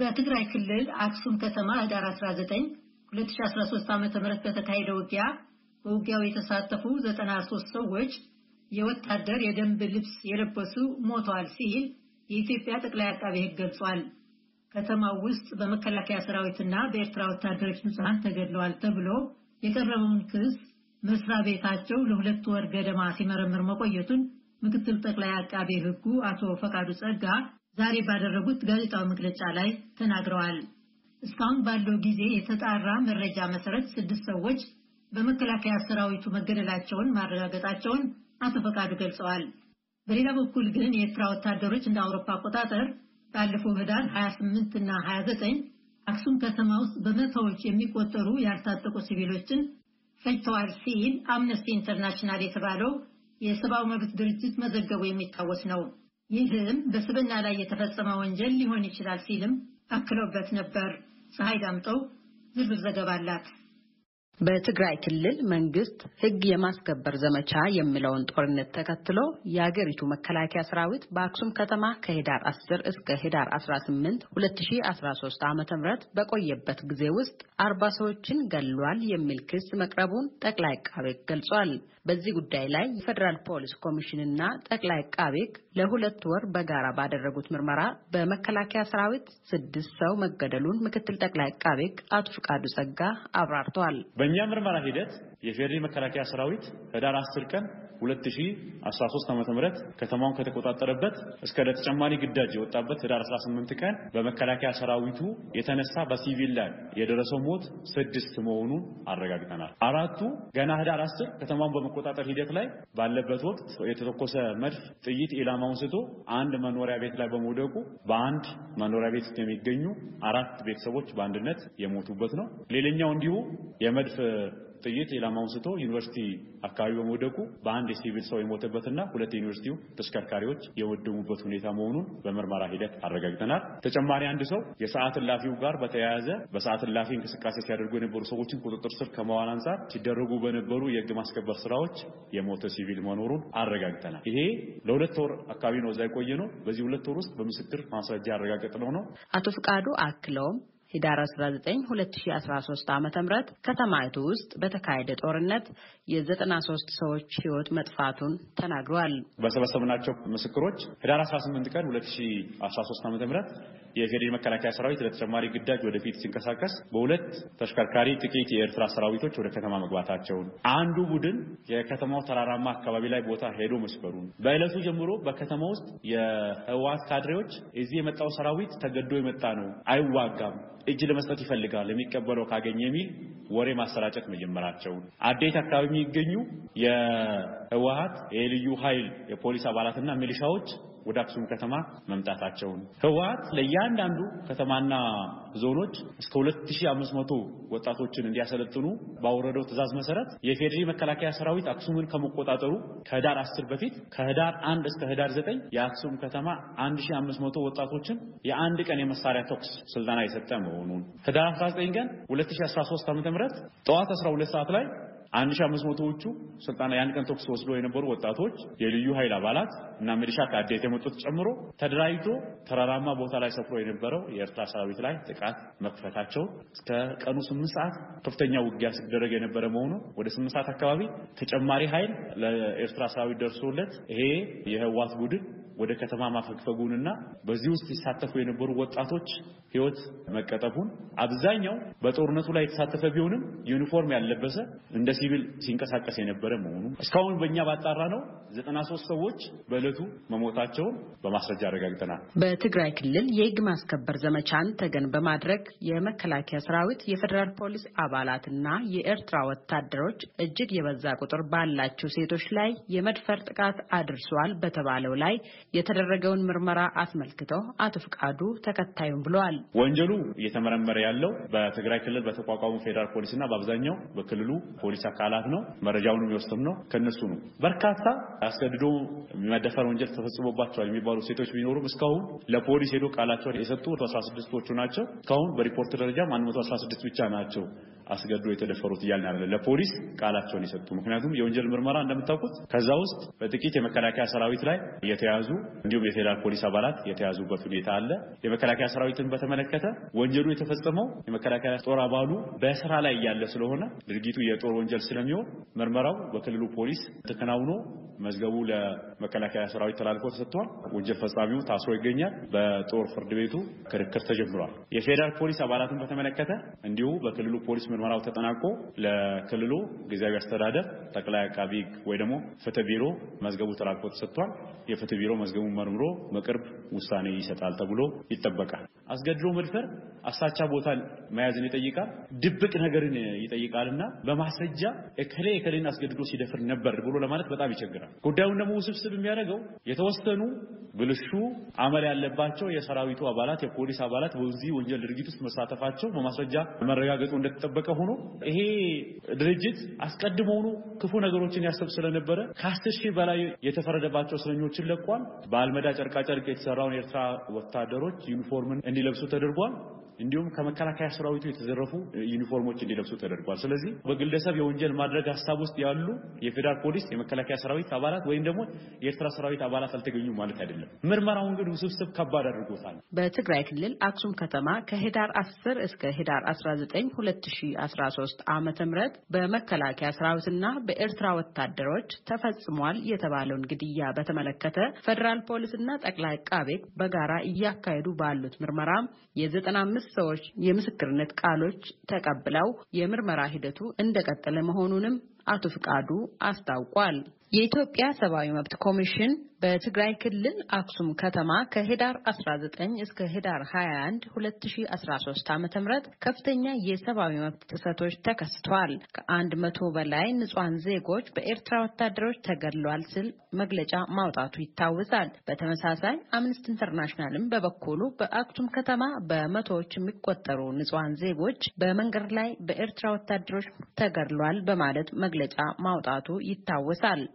በትግራይ ክልል አክሱም ከተማ ህዳር 19 2013 ዓ.ም በተካሄደ ውጊያ በውጊያው የተሳተፉ 93 ሰዎች የወታደር የደንብ ልብስ የለበሱ ሞተዋል ሲል የኢትዮጵያ ጠቅላይ አቃቤ ሕግ ገልጿል። ከተማው ውስጥ በመከላከያ ሰራዊትና በኤርትራ ወታደሮች ንጹሐን ተገድለዋል ተብሎ የቀረበውን ክስ መስሪያ ቤታቸው ለሁለት ወር ገደማ ሲመረምር መቆየቱን ምክትል ጠቅላይ አቃቤ ሕጉ አቶ ፈቃዱ ጸጋ ዛሬ ባደረጉት ጋዜጣዊ መግለጫ ላይ ተናግረዋል። እስካሁን ባለው ጊዜ የተጣራ መረጃ መሰረት ስድስት ሰዎች በመከላከያ ሰራዊቱ መገደላቸውን ማረጋገጣቸውን አቶ ፈቃዱ ገልጸዋል። በሌላ በኩል ግን የኤርትራ ወታደሮች እንደ አውሮፓ አቆጣጠር ባለፈው ህዳር 28 እና 29 አክሱም ከተማ ውስጥ በመቶዎች የሚቆጠሩ ያልታጠቁ ሲቪሎችን ፈጅተዋል ሲል አምነስቲ ኢንተርናሽናል የተባለው የሰብአዊ መብት ድርጅት መዘገቡ የሚታወስ ነው። ይህም በስብና ላይ የተፈጸመ ወንጀል ሊሆን ይችላል ሲልም አክሎበት ነበር። ፀሐይ ዳምጠው ዝርዝር ዘገባ አላት። በትግራይ ክልል መንግስት ሕግ የማስከበር ዘመቻ የሚለውን ጦርነት ተከትሎ የአገሪቱ መከላከያ ሰራዊት በአክሱም ከተማ ከህዳር 10 እስከ ህዳር 18 2013 ዓ.ም በቆየበት ጊዜ ውስጥ አርባ ሰዎችን ገሏል የሚል ክስ መቅረቡን ጠቅላይ ቃቤክ ገልጿል። በዚህ ጉዳይ ላይ የፌዴራል ፖሊስ ኮሚሽንና ጠቅላይ ቃቤክ ለሁለት ወር በጋራ ባደረጉት ምርመራ በመከላከያ ሰራዊት ስድስት ሰው መገደሉን ምክትል ጠቅላይ ቃቤክ አቶ ፍቃዱ ጸጋ አብራርተዋል። በእኛ ምርመራ ሂደት የፌዴሪ መከላከያ ሰራዊት ህዳር 10 ቀን 2013 ዓ.ም ከተማውን ከተቆጣጠረበት እስከ ለተጨማሪ ግዳጅ የወጣበት ህዳር 18 ቀን በመከላከያ ሰራዊቱ የተነሳ በሲቪል ላይ የደረሰው ሞት ስድስት መሆኑን አረጋግጠናል። አራቱ ገና ህዳር 10 ከተማውን በመቆጣጠር ሂደት ላይ ባለበት ወቅት የተተኮሰ መድፍ ጥይት ኢላማውን ስቶ አንድ መኖሪያ ቤት ላይ በመውደቁ በአንድ መኖሪያ ቤት የሚገኙ አራት ቤተሰቦች በአንድነት የሞቱበት ነው። ሌላኛው እንዲሁ የመ የሰልፍ ጥይት ኢላማውን ስቶ ዩኒቨርሲቲ አካባቢ በመውደቁ በአንድ የሲቪል ሰው የሞተበትና ሁለት የዩኒቨርሲቲው ተሽከርካሪዎች የወደሙበት ሁኔታ መሆኑን በምርመራ ሂደት አረጋግጠናል። ተጨማሪ አንድ ሰው የሰዓት እላፊው ጋር በተያያዘ በሰዓት እላፊ እንቅስቃሴ ሲያደርጉ የነበሩ ሰዎችን ቁጥጥር ስር ከመዋል አንጻር ሲደረጉ በነበሩ የህግ ማስከበር ስራዎች የሞተ ሲቪል መኖሩን አረጋግጠናል። ይሄ ለሁለት ወር አካባቢ ነው እዛ የቆየ ነው። በዚህ ሁለት ወር ውስጥ በምስክር ማስረጃ ያረጋገጥነው ነው። አቶ ፍቃዱ አክለውም ህዳር 19 2013 ዓ.ም ከተማይቱ ውስጥ በተካሄደ ጦርነት የ93 ሰዎች ህይወት መጥፋቱን ተናግረዋል። በሰበሰብናቸው ምስክሮች ህዳር 18 ቀን 2013 ዓ.ም የፌዴራል መከላከያ ሰራዊት ለተጨማሪ ግዳጅ ወደፊት ሲንቀሳቀስ በሁለት ተሽከርካሪ ጥቂት የኤርትራ ሰራዊቶች ወደ ከተማ መግባታቸውን፣ አንዱ ቡድን የከተማው ተራራማ አካባቢ ላይ ቦታ ሄዶ መስበሩን በዕለቱ ጀምሮ በከተማ ውስጥ የህወሓት ካድሬዎች እዚህ የመጣው ሰራዊት ተገዶ የመጣ ነው አይዋጋም እጅ ለመስጠት ይፈልጋል የሚቀበለው ካገኘ የሚል ወሬ ማሰራጨት መጀመራቸውን አዴት አካባቢ የሚገኙ የህወሀት የልዩ ኃይል የፖሊስ አባላትና ሚሊሻዎች ወደ አክሱም ከተማ መምጣታቸውን ህዋት ለእያንዳንዱ ከተማና ዞኖች እስከ 2500 ወጣቶችን እንዲያሰለጥኑ ባወረደው ትዕዛዝ መሰረት የፌዴሪ መከላከያ ሰራዊት አክሱምን ከመቆጣጠሩ ከህዳር 10 በፊት ከህዳር 1 እስከ ህዳር 9 የአክሱም ከተማ 1500 ወጣቶችን የአንድ ቀን የመሳሪያ ተኩስ ስልጠና የሰጠ መሆኑን ህዳር 19 ቀን 2013 ዓ.ም ጠዋት 12 ሰዓት ላይ አንድ ሺህ አምስት መቶዎቹ ስልጣን የአንድ ቀን ተኩስ ወስዶ የነበሩ ወጣቶች የልዩ ኃይል አባላት እና ሚሊሻ ከአዴት የመጡት ጨምሮ ተደራጅቶ ተራራማ ቦታ ላይ ሰፍሮ የነበረው የኤርትራ ሰራዊት ላይ ጥቃት መክፈታቸው እስከ ቀኑ ስምንት ሰዓት ከፍተኛ ውጊያ ሲደረግ የነበረ መሆኑ ወደ ስምንት ሰዓት አካባቢ ተጨማሪ ኃይል ለኤርትራ ሰራዊት ደርሶለት ይሄ የህዋት ቡድን ወደ ከተማ ማፈግፈጉንና በዚህ ውስጥ ይሳተፉ የነበሩ ወጣቶች ህይወት መቀጠፉን አብዛኛው በጦርነቱ ላይ የተሳተፈ ቢሆንም ዩኒፎርም ያለበሰ እንደ ሲቪል ሲንቀሳቀስ የነበረ መሆኑ እስካሁን በእኛ ባጣራ ነው ዘጠና ሶስት ሰዎች በእለቱ መሞታቸውን በማስረጃ አረጋግጠናል። በትግራይ ክልል የህግ ማስከበር ዘመቻን ተገን በማድረግ የመከላከያ ሰራዊት፣ የፌዴራል ፖሊስ አባላትና የኤርትራ ወታደሮች እጅግ የበዛ ቁጥር ባላቸው ሴቶች ላይ የመድፈር ጥቃት አድርሷል በተባለው ላይ የተደረገውን ምርመራ አስመልክቶ አቶ ፍቃዱ ተከታዩም ብለዋል። ወንጀሉ እየተመረመረ ያለው በትግራይ ክልል በተቋቋሙ ፌዴራል ፖሊስና በአብዛኛው በክልሉ ፖሊስ አካላት ነው። መረጃውን የሚወስድም ነው ከነሱ ነው። በርካታ አስገድዶ መደፈር ወንጀል ተፈጽሞባቸዋል የሚባሉ ሴቶች ቢኖሩም እስካሁን ለፖሊስ ሄዶ ቃላቸው የሰጡ 16ዎቹ ናቸው። እስካሁን በሪፖርት ደረጃ 116 ብቻ ናቸው አስገድዶ የተደፈሩት እያልን አለ ለፖሊስ ቃላቸውን የሰጡ ምክንያቱም የወንጀል ምርመራ እንደምታውቁት ከዛ ውስጥ በጥቂት የመከላከያ ሰራዊት ላይ የተያዙ እንዲሁም የፌዴራል ፖሊስ አባላት የተያዙበት ሁኔታ አለ። የመከላከያ ሰራዊትን በተመለከተ ወንጀሉ የተፈጸመው የመከላከያ ጦር አባሉ በስራ ላይ እያለ ስለሆነ ድርጊቱ የጦር ወንጀል ስለሚሆን ምርመራው በክልሉ ፖሊስ ተከናውኖ መዝገቡ ለመከላከያ ሰራዊት ተላልፎ ተሰጥቷል። ወንጀል ፈጻሚው ታስሮ ይገኛል። በጦር ፍርድ ቤቱ ክርክር ተጀምሯል። የፌዴራል ፖሊስ አባላትን በተመለከተ እንዲሁ በክልሉ ፖሊስ ምርመራው ተጠናቆ ለክልሉ ጊዜያዊ አስተዳደር ጠቅላይ አቃቢ ወይ ደግሞ ፍትህ ቢሮ መዝገቡ ተላልፎ ተሰጥቷል። የፍትህ ቢሮ መዝገቡን መርምሮ በቅርብ ውሳኔ ይሰጣል ተብሎ ይጠበቃል። አስገድሎ መድፈር አሳቻ ቦታን መያዝን ይጠይቃል፣ ድብቅ ነገርን ይጠይቃልና በማስረጃ እከሌ እከሌን አስገድዶ ሲደፍር ነበር ብሎ ለማለት በጣም ይቸግራል። ጉዳዩን ደግሞ ውስብስብ የሚያደርገው የተወሰኑ ብልሹ አመል ያለባቸው የሰራዊቱ አባላት፣ የፖሊስ አባላት በዚህ ወንጀል ድርጊት ውስጥ መሳተፋቸው በማስረጃ መረጋገጡ እንደተጠበቀ ሆኖ ይሄ ድርጅት አስቀድሞውኑ ክፉ ነገሮችን ያሰብ ስለነበረ ከአስር ሺህ በላይ የተፈረደባቸው እስረኞችን ለቋል። በአልመዳ ጨርቃጨርቅ የተሰራውን የኤርትራ ወታደሮች ዩኒፎርምን እንዲለብሱ ተደርጓል። እንዲሁም ከመከላከያ ሰራዊቱ የተዘረፉ ዩኒፎርሞች እንዲለብሱ ተደርጓል። ስለዚህ በግለሰብ የወንጀል ማድረግ ሀሳብ ውስጥ ያሉ የፌዴራል ፖሊስ፣ የመከላከያ ሰራዊት አባላት ወይም ደግሞ የኤርትራ ሰራዊት አባላት አልተገኙም ማለት አይደለም። ምርመራውን ግን ውስብስብ ከባድ አድርጎታል። በትግራይ ክልል አክሱም ከተማ ከህዳር 10 እስከ ህዳር 19 2013 ዓ ም በመከላከያ ሰራዊትና በኤርትራ ወታደሮች ተፈጽሟል የተባለውን ግድያ በተመለከተ ፌዴራል ፖሊስና ጠቅላይ አቃቤ በጋራ እያካሄዱ ባሉት ምርመራ የ95 ሰዎች የምስክርነት ቃሎች ተቀብለው የምርመራ ሂደቱ እንደቀጠለ መሆኑንም አቶ ፍቃዱ አስታውቋል። የኢትዮጵያ ሰብአዊ መብት ኮሚሽን በትግራይ ክልል አክሱም ከተማ ከህዳር 19 እስከ ህዳር 21 2013 ዓ.ም ከፍተኛ የሰብአዊ መብት ጥሰቶች ተከስተዋል፣ ከአንድ መቶ በላይ ንጹሐን ዜጎች በኤርትራ ወታደሮች ተገድሏል ሲል መግለጫ ማውጣቱ ይታወሳል። በተመሳሳይ አምነስቲ ኢንተርናሽናልም በበኩሉ በአክሱም ከተማ በመቶዎች የሚቆጠሩ ንጹሐን ዜጎች በመንገድ ላይ በኤርትራ ወታደሮች ተገድሏል በማለት መግለጫ ማውጣቱ ይታወሳል።